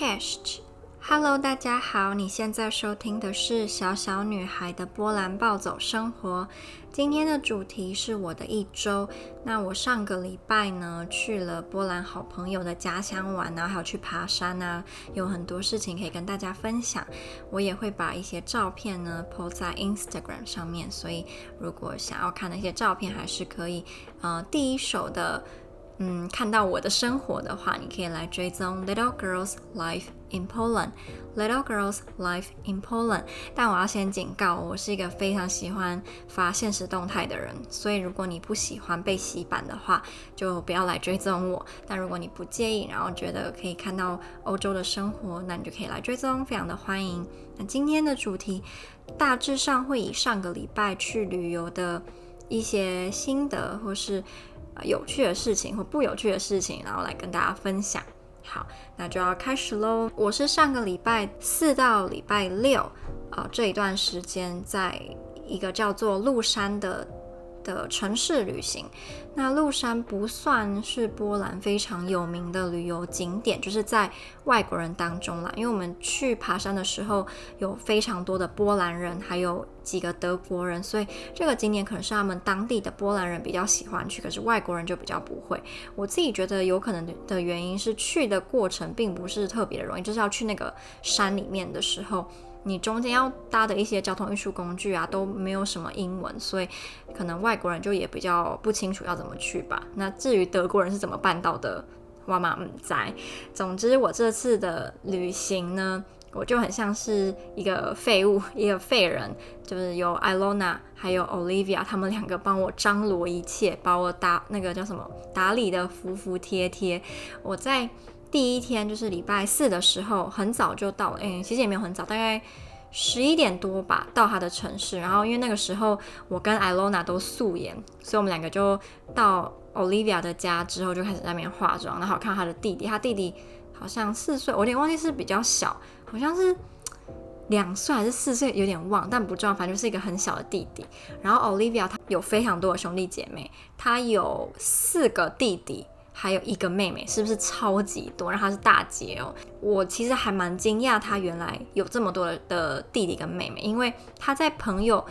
Cash, Hello, 大家好，你現在收聽的是《小小女孩的波蘭暴走生活》。今天的主題是我的一周。那我上個禮拜呢去了波蘭好朋友的家鄉玩，然後還有去爬山啊，有很多事情可以跟大家分享。我也會把一些照片呢 po 在 Instagram 上面，所以如果想要看那些照片，還是可以，呃……第一手的。嗯，看到我的生活的話，你可以來追蹤 Little Girls Life in Poland。Little Girls Life in Poland。但我要先警告，我是一個非常喜歡發限時動態的人，所以如果你不喜歡被洗版的話，就不要來追蹤我。但如果你不介意，然後覺得可以看到歐洲的生活，那你就可以來追蹤，非常的歡迎。那今天的主題大致上會以上個禮拜去旅遊的一些心得或是，有趣的事情或不有趣的事情，然後來跟大家分享。好，那就要開始嘍。我是上個禮拜四到禮拜六，啊、呃，這一段時間在一個叫做鹿山的。的城市旅行，那鹿山不算是波蘭非常有名的旅遊景點，就是在外國人當中啦。因為我們去爬山的時候，有非常多的波蘭人，還有幾個德國人，所以這個景點可能是他們當地的波蘭人比較喜歡去，可是外國人就比較不會。我自己覺得有可能的原因是去的過程並不是特別的容易，就是要去那個山裡面的時候。你中間要搭的一些交通運輸工具啊，都沒有什麼英文，所以可能外國人就也比較不清楚要怎麼去吧。那至於德國人是怎麼辦到的，哇，嘛嗯在。總之，我這次的旅行呢，我就很像是一個廢物，一個廢人，就是有艾隆娜還有 Oliwia 他們兩個幫我張羅一切，把我打那個叫什麼打理的服服帖帖。我在。第一天就是禮拜四的時候，很早就到了，嗯、欸，其實也沒有很早，大概十一點多吧，到他的城市。然後因為那個時候我跟 Ilona 都素顏，所以我們兩個就到 Oliwia 的家之後就開始在那邊化妝。然後看到他的弟弟，他弟弟好像四歲，我有點忘記是比較小，好像是兩歲還是四歲，有點忘，但不重要，反正就是一個很小的弟弟。然後 Oliwia 他有非常多的兄弟姐妹，他有四個弟弟。還有一個妹妹，是不是超級多？然後她是大姐哦，我其實還蠻驚訝，她原來有這麼多的弟弟跟妹妹，因為她在朋友。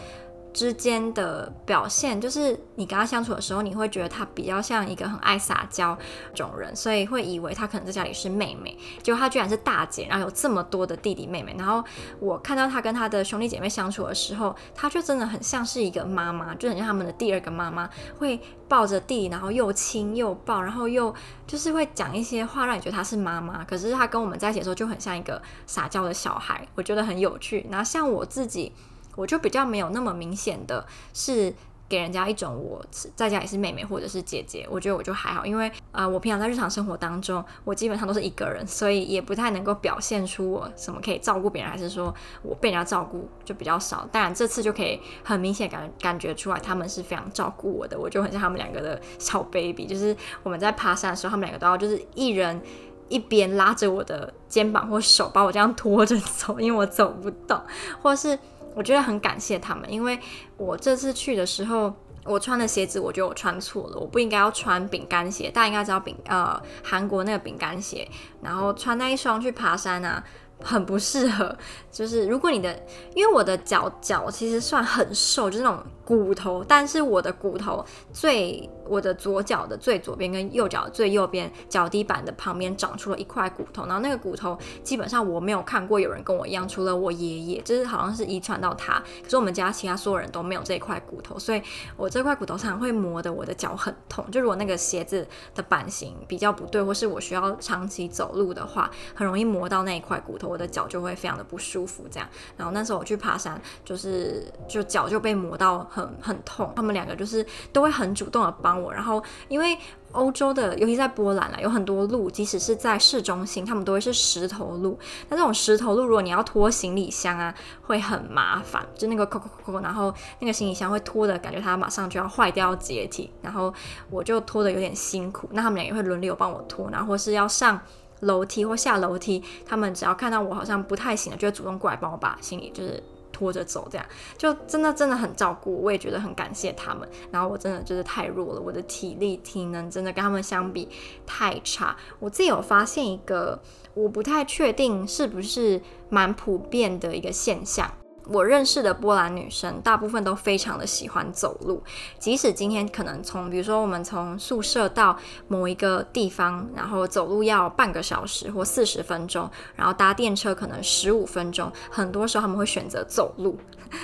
之間的表現就是你跟他相處的時候，你會覺得他比較像一個很愛撒嬌這種人，所以會以為他可能在家裡是妹妹，結果他居然是大姐，然後有這麼多的弟弟妹妹。然後我看到他跟他的兄弟姐妹相處的時候，他就真的很像是一個媽媽，就很像他們的第二個媽媽，會抱着弟弟，然後又親又抱，然後又就是會講一些話，讓你覺得他是媽媽。可是他跟我們在一起的時候就很像一個撒嬌的小孩，我覺得很有趣。然後像我自己。我就比較沒有那麼明顯的是給人家一種我在家也是妹妹或者是姐姐，我覺得我就還好，因為啊、呃，我平常在日常生活當中，我基本上都是一個人，所以也不太能夠表現出我什麼可以照顧別人，還是說我被人家照顧就比較少。當然這次就可以很明顯感感覺出來，他們是非常照顧我的，我就很像他們兩個的小 baby，就是我們在爬山的時候，他們兩個都要就是一人一邊拉着我的肩膀或手，把我這樣拖着走，因為我走不動，或是，我覺得很感謝他們，因為我這次去的時候，我穿的鞋子，我覺得我穿錯了，我不應該要穿餅乾鞋。大家應該知道餅，呃，韓國那個餅乾鞋，然後穿那一雙去爬山啊，很不適合。就是如果你的，因為我的腳腳其實算很瘦，就是那種。骨頭，但是我的骨頭最，我的左腳的最左邊跟右腳的最右邊腳底板的旁邊長出了一塊骨頭，然後那個骨頭基本上我沒有看過有人跟我一樣，除了我爺爺，就是好像是遺傳到他，可是我們家其他所有人都沒有這塊骨頭，所以我這塊骨頭常常會磨得我的腳很痛，就如果那個鞋子的版型比較不對，或是我需要長期走路的話，很容易磨到那一塊骨頭，我的腳就會非常的不舒服。這樣，然後那時候我去爬山，就是就腳就被磨到。很痛，他們兩個就是都會很主動地幫我。然後因為歐洲的，尤其在波蘭啦，有很多路，即使是在市中心，他們都會是石頭路。那這種石頭路，如果你要拖行李箱啊，會很麻煩，就那個摳摳摳，然後那個行李箱會拖的感覺，它馬上就要壞掉、解體。然後我就拖得有點辛苦，那他們倆也會輪流幫我拖。然後或是要上樓梯或下樓梯，他們只要看到我好像不太行了，就會主動過來幫我把行李就是。拖着走，這樣就真的真的很照顧我，我也覺得很感謝他們。然後我真的就是太弱了，我的體力、體能真的跟他們相比太差。我自己有發現一個，我不太確定是不是蠻普遍的一個現象。我認識的波蘭女生大部分都非常的喜歡走路，即使今天可能從，比如說我們從宿舍到某一個地方，然後走路要半個小時或四十分鐘，然後搭電車可能十五分鐘，很多時候他們會選擇走路，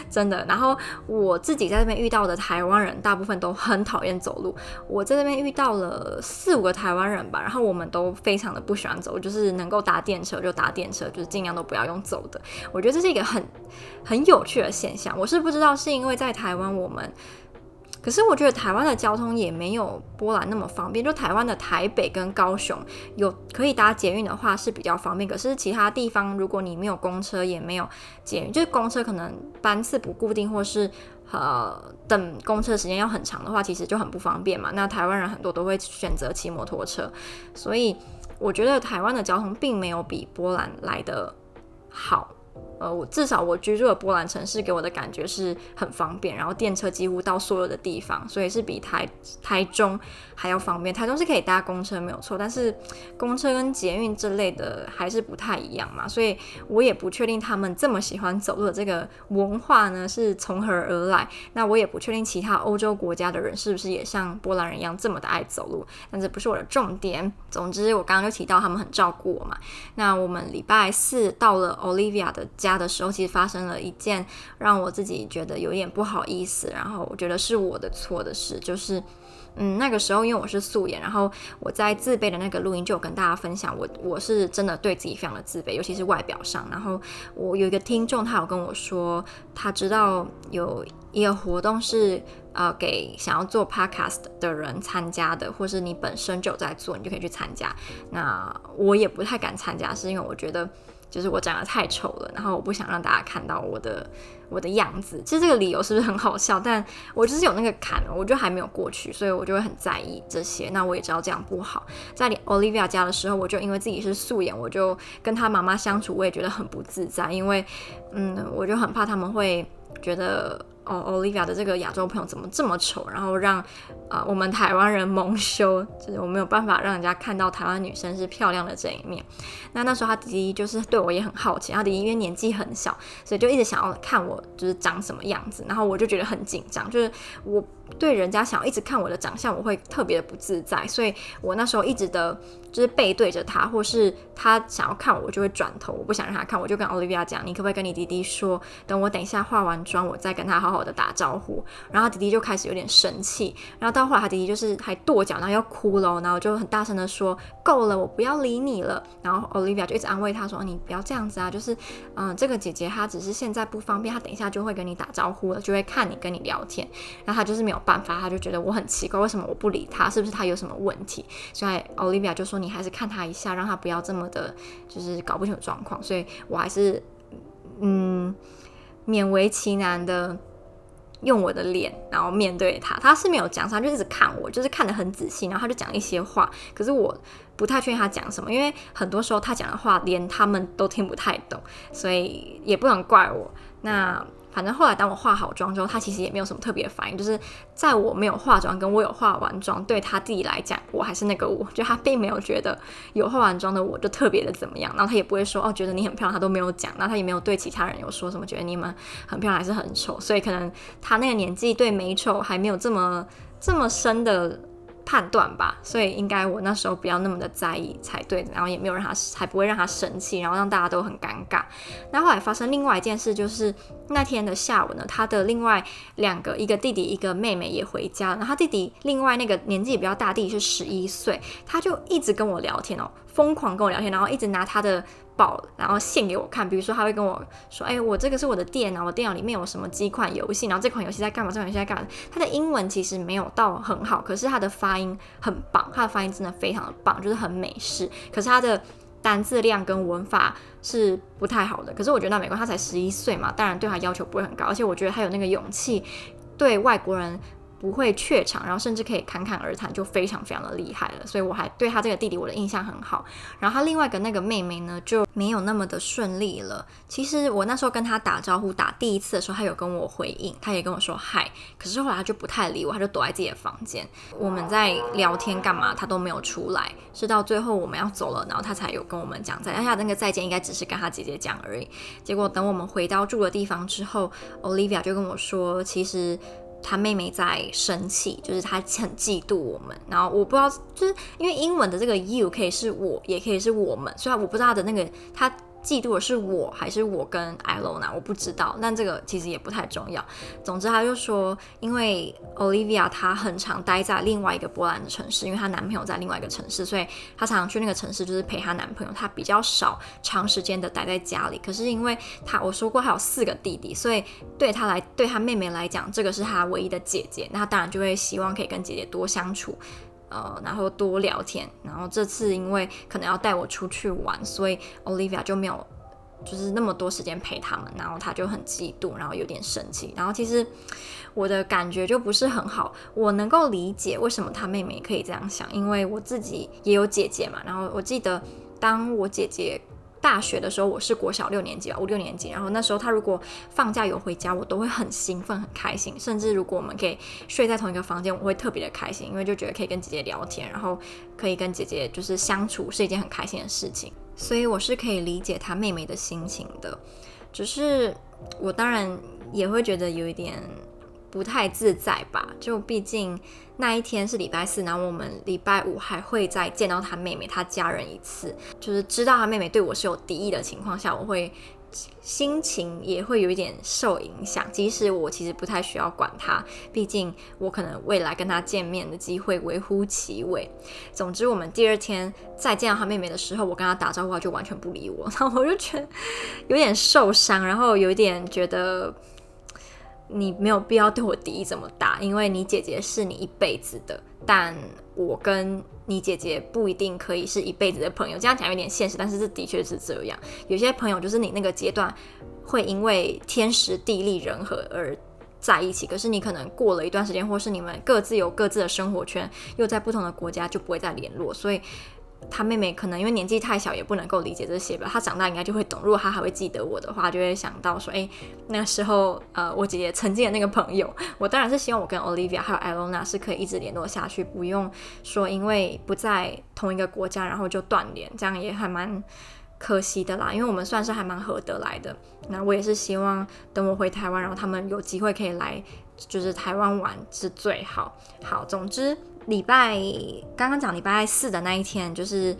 真的。然後我自己在這邊遇到的台灣人大部分都很討厭走路，我在這邊遇到了四五個台灣人吧，然後我們都非常的不喜歡走，就是能夠搭電車就搭電車，就是盡量都不要用走的。我覺得這是一個很很很有趣的現象，我是不知道是因為在台灣我們，可是我覺得台灣的交通也沒有波蘭那麼方便。就台灣的台北跟高雄有可以搭捷運的話是比較方便，可是其他地方如果你沒有公車也沒有捷運，就是公車可能班次不固定或是呃等公車時間要很長的話，其實就很不方便嘛。那台灣人很多都會選擇騎摩托車，所以我覺得台灣的交通並沒有比波蘭來得好。呃，我至少我居住的波蘭城市給我的感覺是很方便，然後電車幾乎到所有的地方，所以是比台台中還要方便。台中是可以搭公車沒有錯，但是公車跟捷運之類的還是不太一樣嘛，所以我也不確定他們這麼喜歡走路的這個文化呢是從何而來。那我也不確定其他歐洲國家的人是不是也像波蘭人一樣這麼的愛走路，但這不是我的重點。總之，我剛剛就提到他們很照顧我嘛。那我們禮拜四到了 Oliwia 的。家的時候，其實發生了一件讓我自己覺得有點不好意思，然後我覺得是我的錯的事，就是，嗯，那個時候因為我是素顏，然後我在自卑的那個錄音就有跟大家分享，我我是真的對自己非常的自卑，尤其是外表上。然後我有一個聽眾，他有跟我說，他知道有一個活動是呃給想要做 podcast 的人參加的，或是你本身就有在做，你就可以去參加。那我也不太敢參加，是因為我覺得。就是我長得太醜了，然後我不想讓大家看到我的我的樣子。其實這個理由是不是很好笑？但我就是有那個坎，我就還沒有過去，所以我就會很在意這些。那我也知道這樣不好。在你 Oliwia 家的時候，我就因為自己是素顏，我就跟她媽媽相處，我也覺得很不自在，因為嗯，我就很怕他們會覺得。哦、oh，Oliwia 的這個亞洲朋友怎麼這麼醜？然後讓啊、呃、我們台灣人蒙羞，就是我沒有辦法讓人家看到台灣女生是漂亮的這一面。那那時候她弟弟就是對我也很好奇，她弟弟因為年紀很小，所以就一直想要看我就是長什麼樣子。然後我就覺得很緊張，就是我。對人家想要一直看我的長相，我會特別的不自在，所以我那時候一直的就是背對着他，或是他想要看我，我就會轉頭，我不想讓他看。我就跟 Oliwia 講，你可不可以跟你弟弟說，等我等一下化完妝，我再跟他好好的打招呼。然後弟弟就開始有點生氣，然後到後來他弟弟就是還跺腳，然後又哭了，然後就很大聲的說：“夠了，我不要理你了。”然後 Oliwia 就一直安慰他說：“你不要這樣子啊，就是嗯、呃，這個姐姐她只是現在不方便，她等一下就會跟你打招呼了，就會看你跟你聊天。然後她就是沒有。”辦法，他就覺得我很奇怪，為什麼我不理他？是不是他有什麼問題？所以，Olivia 就說：“你還是看他一下，讓他不要這麼的，就是搞不清楚狀況。”所以，我還是嗯，勉為其難的用我的臉，然後面對他。他是沒有講，他就一直看我，就是看得很仔細。然後他就講一些話，可是我不太確定他講什麼，因為很多時候他講的話連他們都聽不太懂，所以也不能怪我。那。反正後來當我化好妝之後，他其實也沒有什麼特別的反應，就是在我沒有化妝跟我有化完妝，對他自己來講，我還是那個我，就他並沒有覺得有化完妝的我就特別的怎麼樣，然後他也不會說哦覺得你很漂亮，他都沒有講，然後他也沒有對其他人有說什麼覺得你們很漂亮還是很醜，所以可能他那個年紀對美醜還沒有這麼這麼深的。判斷吧，所以應該我那時候不要那麼的在意才對，然後也沒有讓他，才不會讓他生氣，然後讓大家都很尷尬。那後來發生另外一件事，就是那天的下午呢，他的另外兩個，一個弟弟，一個妹妹也回家，然後他弟弟另外那個年紀也比較大，弟弟是十一歲，他就一直跟我聊天哦，瘋狂跟我聊天，然後一直拿他的。爆，然後獻給我看。比如說，他會跟我說：“哎、欸，我這個是我的電腦，我電腦裡面有什麼幾款遊戲？然後這款遊戲在幹嘛？這款遊戲在幹嘛？”他的英文其實沒有到很好，可是他的發音很棒，他的發音真的非常的棒，就是很美式。可是他的單字量跟文法是不太好的。可是我覺得那美國他才十一歲嘛，當然對他要求不會很高。而且我覺得他有那個勇氣，對外國人，不會怯場，然後甚至可以侃侃而談，就非常非常的厲害了。所以我還對他這個弟弟我的印象很好。然後他另外一個那個妹妹呢，就沒有那麼的順利了。其實我那時候跟他打招呼，打第一次的時候，他有跟我回應，他也跟我說嗨。可是後來他就不太理我，他就躲在自己的房間。我們在聊天幹嘛，他都沒有出來。是到最後我們要走了，然後他才有跟我們講再見。而且那個再見應該只是跟他姐姐講而已。結果等我們回到住的地方之後，Oliwia 就跟我說，其實。他妹妹在生氣，就是他很嫉妒我們。然後我不知道，就是因為英文的這個 you 可以是我，也可以是我們。雖然我不知道的那個他。她嫉妒的是我，還是我跟艾羅娜？我不知道，但這個其實也不太重要。總之，他就說，因為 Olivia 她很常待在另外一個波蘭的城市，因為她男朋友在另外一個城市，所以她常常去那個城市，就是陪她男朋友。她比較少長時間的待在家裡。可是因為她，我說過她有四個弟弟，所以對她來，對她妹妹來講，這個是她唯一的姐姐。那他當然就會希望可以跟姐姐多相處。呃，然後多聊天。然後這次因為可能要帶我出去玩，所以 Oliwia 就沒有，就是那麼多時間陪他們。然後他就很嫉妒，然後有點生氣。然後其實我的感覺就不是很好。我能夠理解為什麼他妹妹可以這樣想，因為我自己也有姐姐嘛。然後我記得當我姐姐，大學的時候，我是國小六年級吧，五六年級。然後那時候，他如果放假有回家，我都會很興奮、很開心。甚至如果我們可以睡在同一個房間，我會特別的開心，因為就覺得可以跟姐姐聊天，然後可以跟姐姐就是相處是一件很開心的事情。所以我是可以理解他妹妹的心情的，只是我當然也會覺得有一點。不太自在吧？就畢竟那一天是禮拜四，然後我們禮拜五還會再見到他妹妹、他家人一次。就是知道他妹妹對我是有敵意的情況下，我會心情也會有一點受影響。即使我其實不太需要管他，畢竟我可能未來跟他見面的機會微乎其微。總之，我們第二天再見到他妹妹的時候，我跟他打招呼，他就完全不理我，然後我就覺得有點受傷，然後有點覺得。你沒有必要對我敵意這麼大，因為你姐姐是你一輩子的，但我跟你姐姐不一定可以是一輩子的朋友。這樣講有點現實，但是這的確是這樣。有些朋友就是你那個階段會因為天時地利人和而在一起，可是你可能過了一段時間，或是你們各自有各自的生活圈，又在不同的國家，就不會再聯絡，所以。她妹妹可能因為年紀太小，也不能夠理解這些吧。她長大應該就會懂。如果她還會記得我的話，就會想到說：“誒，那時候，呃，我姐姐曾經的那個朋友。”我當然是希望我跟 Olivia 還有 Alona 是可以一直聯絡下去，不用說因為不在同一個國家，然後就斷聯，這樣也還蠻。可惜的啦，因為我們算是還蠻合得來的。那我也是希望等我回台灣，然後他們有機會可以來，就是台灣玩是最好。好，總之禮拜剛剛講禮拜四的那一天，就是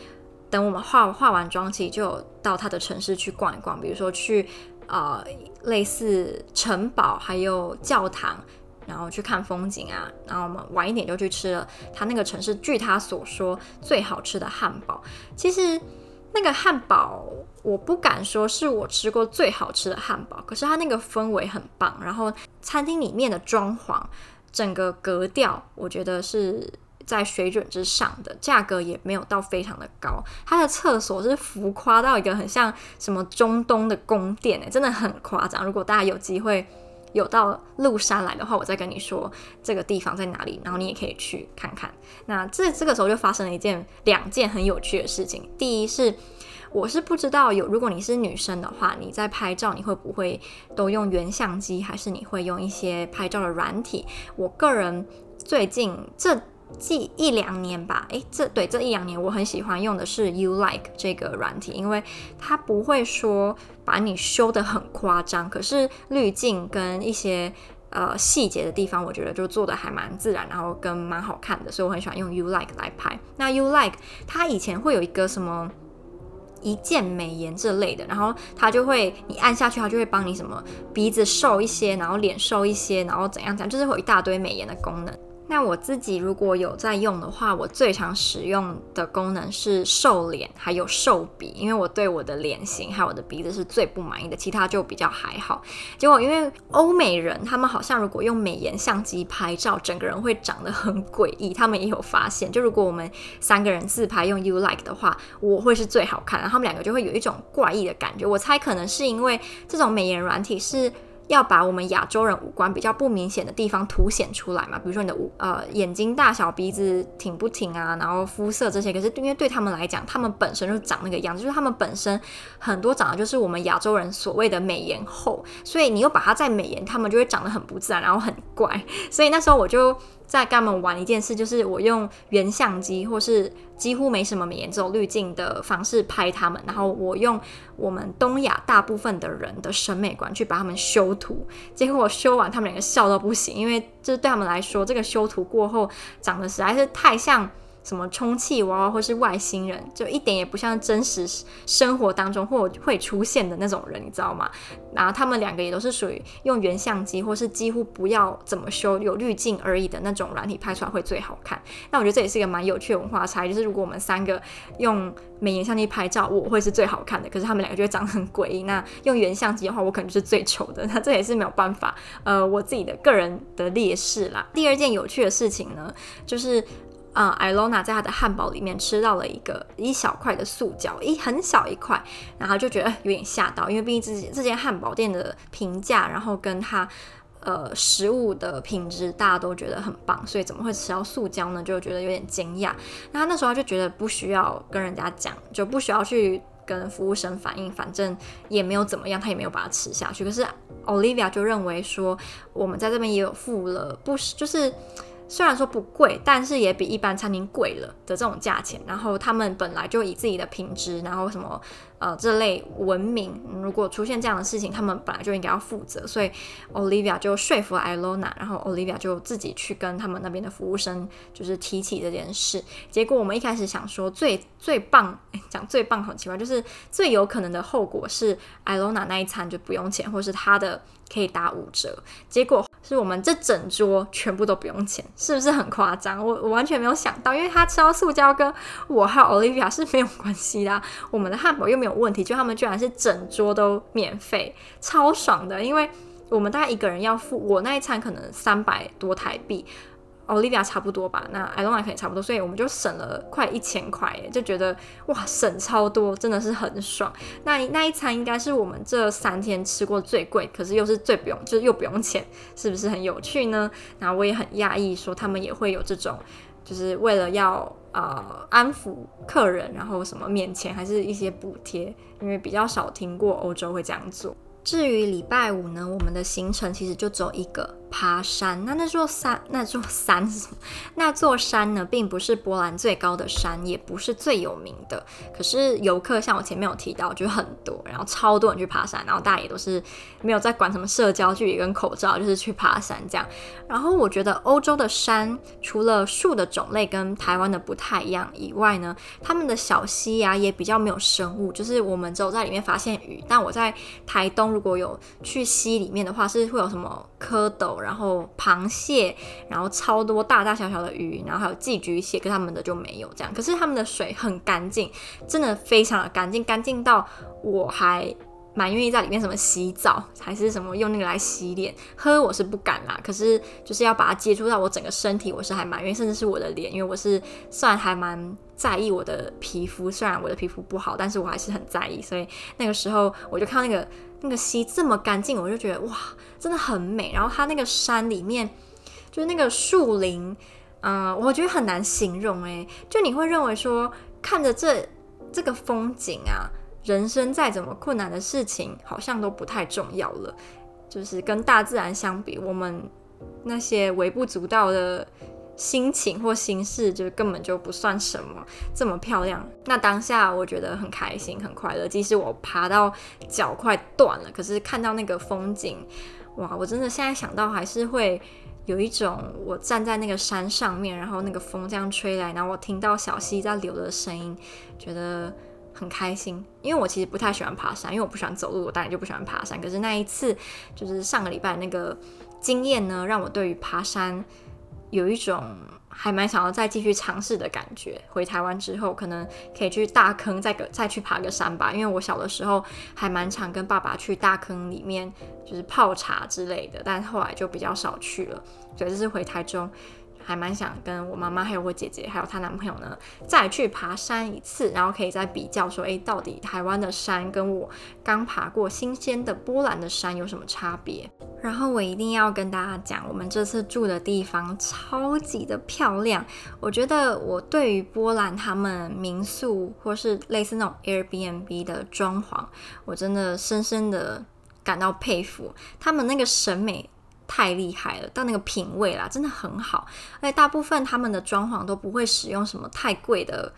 等我們化化完妝，其實就有到他的城市去逛一逛，比如說去啊、呃、類似城堡還有教堂，然後去看風景啊。然後我們晚一點就去吃了他那個城市，據他所說最好吃的漢堡。其實。那個漢堡，我不敢說是我吃過最好吃的漢堡，可是它那個氛圍很棒，然後餐廳裡面的裝潢，整個格調，我覺得是在水準之上的，價格也沒有到非常的高。它的廁所是浮誇到一個很像什麼中東的宮殿欸，真的很誇張。如果大家有機會，有到鹿山來的話，我再跟你說這個地方在哪裡，然後你也可以去看看。那這這個時候就發生了一件兩件很有趣的事情。第一是，我是不知道有，如果你是女生的話，你在拍照你會不會都用原相機，還是你會用一些拍照的軟體？我個人最近這近一兩年吧，哎，這對這一兩年，我很喜歡用的是 Ulike 這個軟體，因為它不會說把你修得很誇張，可是濾鏡跟一些呃細節的地方，我覺得就做得還蠻自然，然後跟蠻好看的，所以我很喜歡用 Ulike 來拍。那 Ulike 它以前會有一個什麼一鍵美顏這類的，然後它就會你按下去，它就會幫你什麼鼻子瘦一些，然後臉瘦一些，然後怎樣怎樣，就是會有一大堆美顏的功能。那我自己如果有在用的話，我最常使用的功能是瘦臉，還有瘦鼻，因為我對我的臉型還有我的鼻子是最不滿意的，其他就比較還好。結果因為歐美人他們好像如果用美顏相機拍照，整個人會長得很詭異。他們也有發現，就如果我們三個人自拍用 Ulike 的話，我會是最好看的，然後他們兩個就會有一種怪異的感覺。我猜可能是因為這種美顏軟體是。要把我們亞洲人五官比較不明顯的地方凸顯出來嘛，比如說你的五呃眼睛大小、鼻子挺不挺啊，然後膚色這些。可是因為對他們來講，他們本身就長那個樣子，就是他們本身很多長的就是我們亞洲人所謂的美顏後，所以你又把它再美顏，他們就會長得很不自然，然後很怪。所以那時候我就。在跟他們玩一件事，就是我用原相機或是幾乎沒什麼美顏這種濾鏡的方式拍他們，然後我用我們東亞大部分的人的審美觀去把他們修圖，結果我修完他們兩個笑到不行，因為這對他們來說，這個修圖過後長得實在是太像。什麼充氣娃娃或是外星人，就一點也不像真實生活當中或會，會出現的那種人，你知道嗎？然後他們兩個也都是屬於用原相機或是幾乎不要怎麼修，有濾鏡而已的那種軟體拍出來會最好看。那我覺得這也是一個蠻有趣的文化差異，就是如果我們三個用美顏相機拍照，我會是最好看的，可是他們兩個就會長得很詭異。那用原相機的話，我可能就是最醜的。那這也是沒有辦法，呃，我自己的個人的劣勢啦。第二件有趣的事情呢，就是。嗯，Ilona 在他的漢堡裡面吃到了一個一小塊的塑膠，一很小一塊，然後就覺得有點嚇到，因為畢竟自己這間漢堡店的評價，然後跟他呃食物的品質大家都覺得很棒，所以怎麼會吃到塑膠呢？就覺得有點驚訝。那那時候就覺得不需要跟人家講，就不需要去跟服務生反映，反正也沒有怎麼樣，他也沒有把它吃下去。可是 Olivia 就認為說，我們在這邊也有付了，不是就是。雖然說不貴，但是也比一般餐廳貴了的這種價錢。然後他們本來就以自己的品質，然後什麼呃這類聞名，如果出現這樣的事情，他們本來就應該要負責。所以 Oliwia 就說服 Ilona，然後 Oliwia 就自己去跟他們那邊的服務生就是提起這件事。結果我們一開始想說最最棒，哎，講最棒很奇怪，就是最有可能的後果是 Ilona 那一餐就不用錢，或是他的可以打五折。結果，是我們這整桌全部都不用錢，是不是很誇張？我我完全沒有想到，因為他吃到塑膠，跟我和 Oliwia 是沒有關係的啊。我們的漢堡又沒有問題，就他們居然是整桌都免費，超爽的。因為我們大概一個人要付，我那一餐可能三百多台幣。Olivia 差不多吧，那 Alona 也差不多，所以我們就省了快一千塊，就覺得哇省超多，真的是很爽。那那一餐應該是我們這三天吃過最貴，可是又是最不用，就是又不用錢，是不是很有趣呢？然後我也很訝異，說他們也會有這種，就是為了要呃安撫客人，然後什麼免錢，還是一些補貼，因為比較少聽過歐洲會這樣做。至於禮拜五呢，我們的行程其實就只有一個。爬山，那那座山，那座山， 那座山呢，並不是波蘭最高的山，也不是最有名的。可是遊客像我前面有提到，就很多，然後超多人去爬山，然後大家也都是沒有在管什麼社交距離跟口罩，就是去爬山這樣。然後我覺得歐洲的山，除了樹的種類跟台灣的不太一樣以外呢，他們的小溪呀、啊、也比較沒有生物，就是我們只有在裡面發現魚。但我在台東如果有去溪裡面的話，是會有什麼蝌蚪。然後螃蟹，然後超多大大小小的魚，然後還有寄居蟹，跟他們的就沒有這樣。可是他們的水很乾淨，真的非常的乾淨，乾淨到我還蠻願意在裡面什麼洗澡，還是什麼用那個來洗臉。喝我是不敢啦，可是就是要把它接觸到我整個身體，我是還蠻願意，甚至是我的臉，因為我是雖然還蠻在意我的皮膚，雖然我的皮膚不好，但是我還是很在意。所以那個時候我就看那個。那個溪這麼乾淨，我就覺得哇，真的很美。然後它那個山裡面，就是那個樹林，啊、呃，我覺得很難形容誒、欸，就你會認為說，看着這這個風景啊，人生再怎麼困難的事情，好像都不太重要了。就是跟大自然相比，我們那些微不足道的。心情或心事，就根本就不算什麼。這麼漂亮，那當下我覺得很開心，很快樂。即使我爬到腳快斷了，可是看到那個風景，哇！我真的現在想到還是會有一種我站在那個山上面，然後那個風這樣吹來，然後我聽到小溪在流的聲音，覺得很開心。因為我其實不太喜歡爬山，因為我不喜歡走路，我當然就不喜歡爬山。可是那一次，就是上個禮拜那個經驗呢，讓我對於爬山。有一種還蠻想要再繼續嘗試的感覺。回台灣之後，可能可以去大坑再個再去爬個山吧。因為我小的時候還蠻常跟爸爸去大坑裡面，就是泡茶之類的，但後來就比較少去了。所以這是回台中。還蠻想跟我媽媽、還有我姐姐、還有她男朋友呢，再去爬山一次，然後可以再比較說，哎，到底台灣的山跟我剛爬過新鮮的波蘭的山有什麼差別？然後我一定要跟大家講，我們這次住的地方超級的漂亮。我覺得我對於波蘭他們民宿或是類似那種 Airbnb 的裝潢，我真的深深的感到佩服，他們那個審美。太厲害了，但那個品味啦，真的很好。而且大部分他們的裝潢都不會使用什麼太貴的，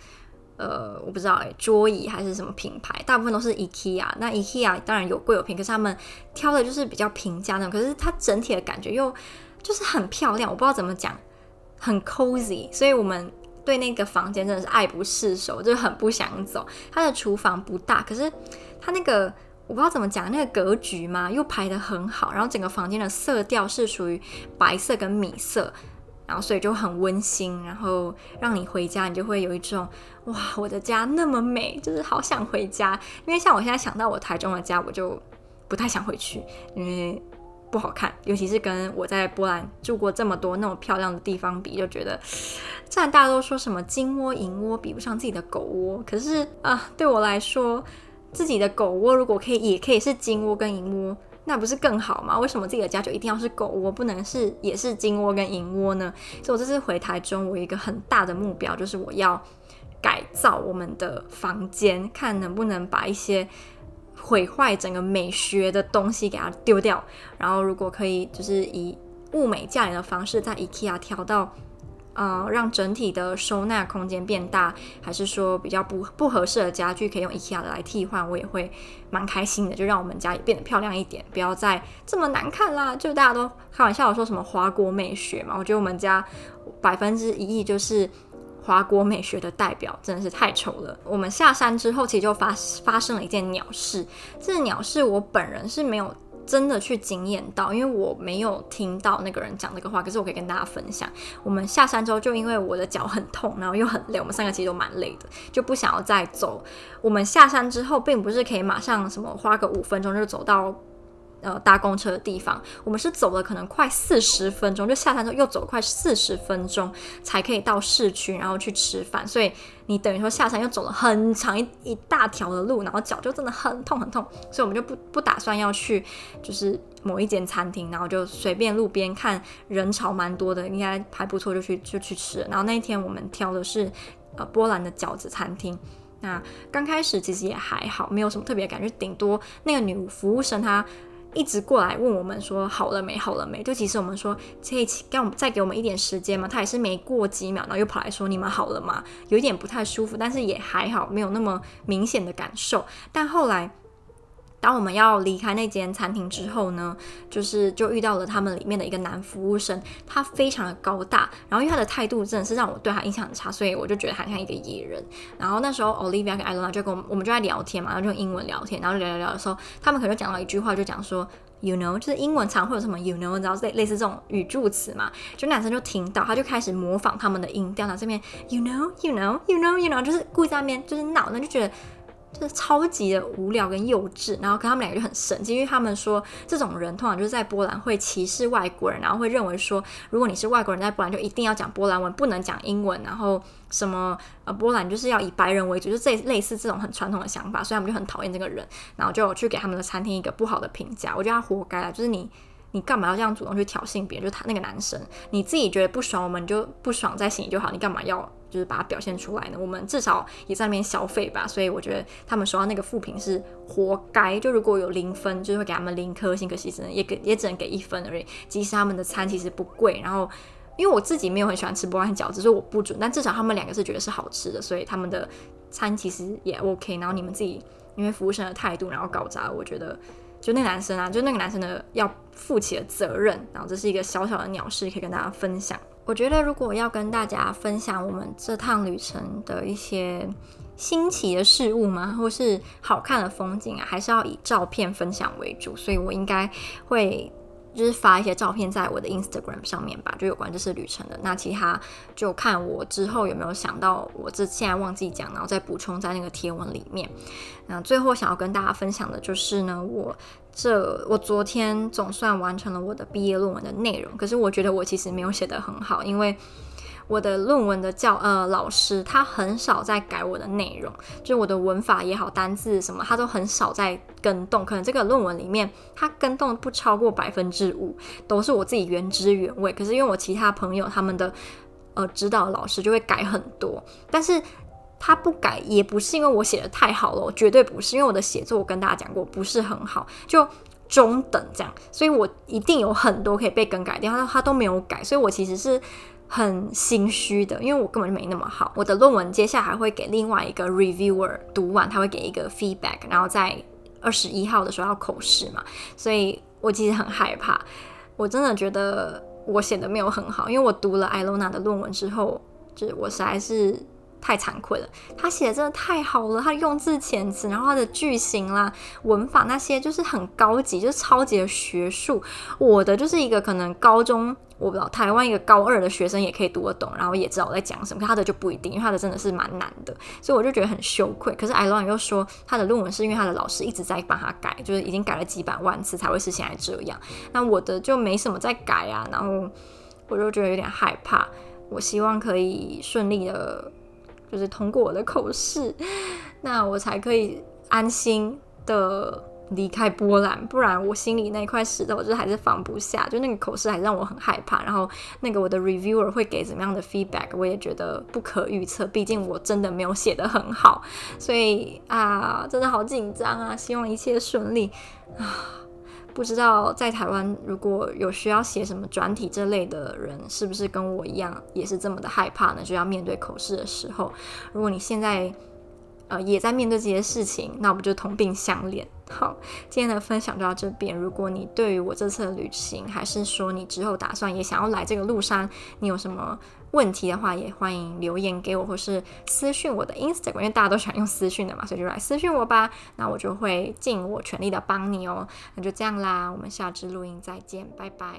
呃，我不知道哎、欸，桌椅還是什麼品牌，大部分都是 IKEA。那 IKEA 當然有貴有平，可是他們挑的就是比較平價那種。可是它整體的感覺又就是很漂亮，我不知道怎麼講，很 cozy。所以我們對那個房間真的是愛不釋手，就是很不想走。它的廚房不大，可是它那個。我不知道怎麼講，那個格局嘛，又排得很好，然後整個房間的色調是屬於白色跟米色，然後所以就很溫馨，然後讓你回家，你就會有一種哇，我的家那麼美，就是好想回家。因為像我現在想到我台中的家，我就不太想回去，因為不好看，尤其是跟我在波蘭住過這麼多那麼漂亮的地方比，就覺得雖然大家都說什麼金窩銀窩比不上自己的狗窩，可是啊、呃，對我來說，自己的狗窩如果可以，也可以是金窩跟銀窩，那不是更好嗎？為什麼自己的家就一定要是狗窩，不能是也是金窩跟銀窩呢？所以，我這次回台中，我有一個很大的目標就是我要改造我們的房間，看能不能把一些毀壞整個美學的東西給它丟掉。然後，如果可以，就是以物美價廉的方式，在 IKEA 挑到。呃、嗯，讓整體的收納空間變大，還是說比較不不合適的家具可以用 IKEA 來替換，我也會蠻開心的。就讓我們家也變得漂亮一點，不要再這麼難看啦！就大家都開玩笑說什麼華國美學嘛，我覺得我們家百分之一億就是華國美學的代表，真的是太醜了。我們下山之後，其實就發發生了一件鳥事。這鳥事我本人是沒有。真的去經驗到，因為我沒有聽到那個人講那個話，可是我可以跟大家分享，我們下山之後就因為我的腳很痛，然後又很累，我們三個其實都蠻累的，就不想要再走。我們下山之後，並不是可以馬上什麼花個五分鐘就走到。呃，搭公車的地方，我們是走了可能快四十分鐘，就下山之後又走了快四十分鐘，才可以到市區，然後去吃飯。所以你等於說下山又走了很長一一大條的路，然後腳就真的很痛很痛。所以我們就不不打算要去，就是某一間餐廳，然後就隨便路邊看人潮蠻多的，應該還不錯就，就去就去吃。然後那一天我們挑的是呃波蘭的餃子餐廳。那剛開始其實也還好，沒有什麼特別感覺，頂多那個女服務生她。一直過來問我們說好了沒好了沒，就其實我們說這一期要再給我們一點時間嘛，他也是沒過幾秒，然後又跑來說你們好了嗎？有一點不太舒服，但是也還好，沒有那麼明顯的感受。但後來。當我們要離開那間餐廳之後呢，就是就遇到了他們裡面的一個男服務生，他非常的高大，然後因為他的態度真的是讓我對他印象很差，所以我就覺得他像一個野人。然後那時候 Oliwia 跟艾羅娜就跟我們，我們就在聊天嘛，然後就用英文聊天，然後聊聊聊的時候，他們可能就講到一句話，就講說 You know，就是英文常會有什麼 You know，然後類類似這種語助詞嘛，就男生就聽到他就開始模仿他們的音調，然後這邊 You know, You know, You know, You know，, you know 就是故意在那邊就是鬧，然後就覺得。是超級的無聊跟幼稚，然後跟他們兩個就很神奇。因為他們說這種人通常就是在波蘭會歧視外國人，然後會認為說如果你是外國人，在波蘭就一定要講波蘭文，不能講英文，然後什麼呃波蘭就是要以白人為主，就這類似這種很傳統的想法，所以他們就很討厭這個人，然後就有去給他們的餐廳一個不好的評價。我覺得他活該啊，就是你你幹嘛要這樣主動去挑釁別人？就他那個男生，你自己覺得不爽，我們就不爽在心裡就好，你幹嘛要？就是把它表現出來呢，我們至少也在那邊消費吧，所以我覺得他們收到那個負評是活該。就如果有零分，就是會給他們零顆星格西，可惜只能也給也只能給一分而已。即使他們的餐其實不貴，然後因為我自己沒有很喜歡吃波蘭餃子，所以我不準。但至少他們兩個是覺得是好吃的，所以他們的餐其實也 OK。然後你們自己因為服務生的態度，然後搞砸，我覺得就那男生啊，就那個男生的要負起的責任。然後這是一個小小的鳥事，可以跟大家分享。我覺得，如果要跟大家分享我們這趟旅程的一些新奇的事物嗎？或是好看的風景啊，還是要以照片分享為主，所以我應該會。就是發一些照片在我的 Instagram 上面吧，就有關這是旅程的。那其他就看我之後有沒有想到，我這現在忘記講，然後再補充在那個貼文裡面。那最後想要跟大家分享的就是呢，我這我昨天總算完成了我的畢業論文的內容，可是我覺得我其實沒有寫得很好，因為。我的論文的教呃老師，他很少在改我的內容，就是我的文法也好單字什麼，他都很少在更動。可能這個論文裡面他更動不超過百分之五，都是我自己原汁原味。可是因為我其他朋友他們的呃指導老師就會改很多，但是他不改也不是因為我寫的太好了，絕對不是，因為我的寫作我跟大家講過不是很好，就中等這樣，所以我一定有很多可以被更改掉，他都沒有改，所以我其實是。很心虛的，因為我根本就沒那麼好。我的論文接下來還會給另外一個 reviewer 讀完，他會給一個 feedback，然後在二十一號的時候要口試嘛，所以我其實很害怕。我真的覺得我寫的沒有很好，因為我讀了 Ilona 的論文之後，就是我實在是。太慚愧了，他寫的真的太好了，他用字遣詞，然後他的句型啦、文法那些就是很高級，就是超級的學術。我的就是一個可能高中，我不知道台灣一個高二的學生也可以讀得懂，然後也知道我在講什麼。他的就不一定，因為他的真的是蠻難的，所以我就覺得很羞愧。可是艾倫又說，他的論文是因為他的老師一直在幫他改，就是已經改了幾百萬次才會是現在這樣。那我的就沒什麼在改啊，然後我就覺得有點害怕。我希望可以順利的。就是通過我的口試，那我才可以安心的離開波蘭，不然我心裡那塊石頭就還是放不下。就那個口試還是讓我很害怕，然後那個我的 reviewer 會給怎麼樣的 feedback，我也覺得不可預測。畢竟我真的沒有寫得很好，所以啊，真的好緊張啊！希望一切順利啊！不知道在台灣如果有需要寫什麼專題這類的人，是不是跟我一樣也是這麼的害怕呢？就要面對口試的時候，如果你現在呃也在面對這些事情，那我們就同病相憐。好，今天的分享就到這邊。如果你對於我這次的旅行，還是說你之後打算也想要來這個鹿山，你有什麼問題的話，也歡迎留言給我，或是私訊我的 Instagram，因為大家都喜歡用私訊的嘛，所以就來私訊我吧。那我就會盡我全力的幫你哦。那就這樣啦，我們下支錄音再見，拜拜。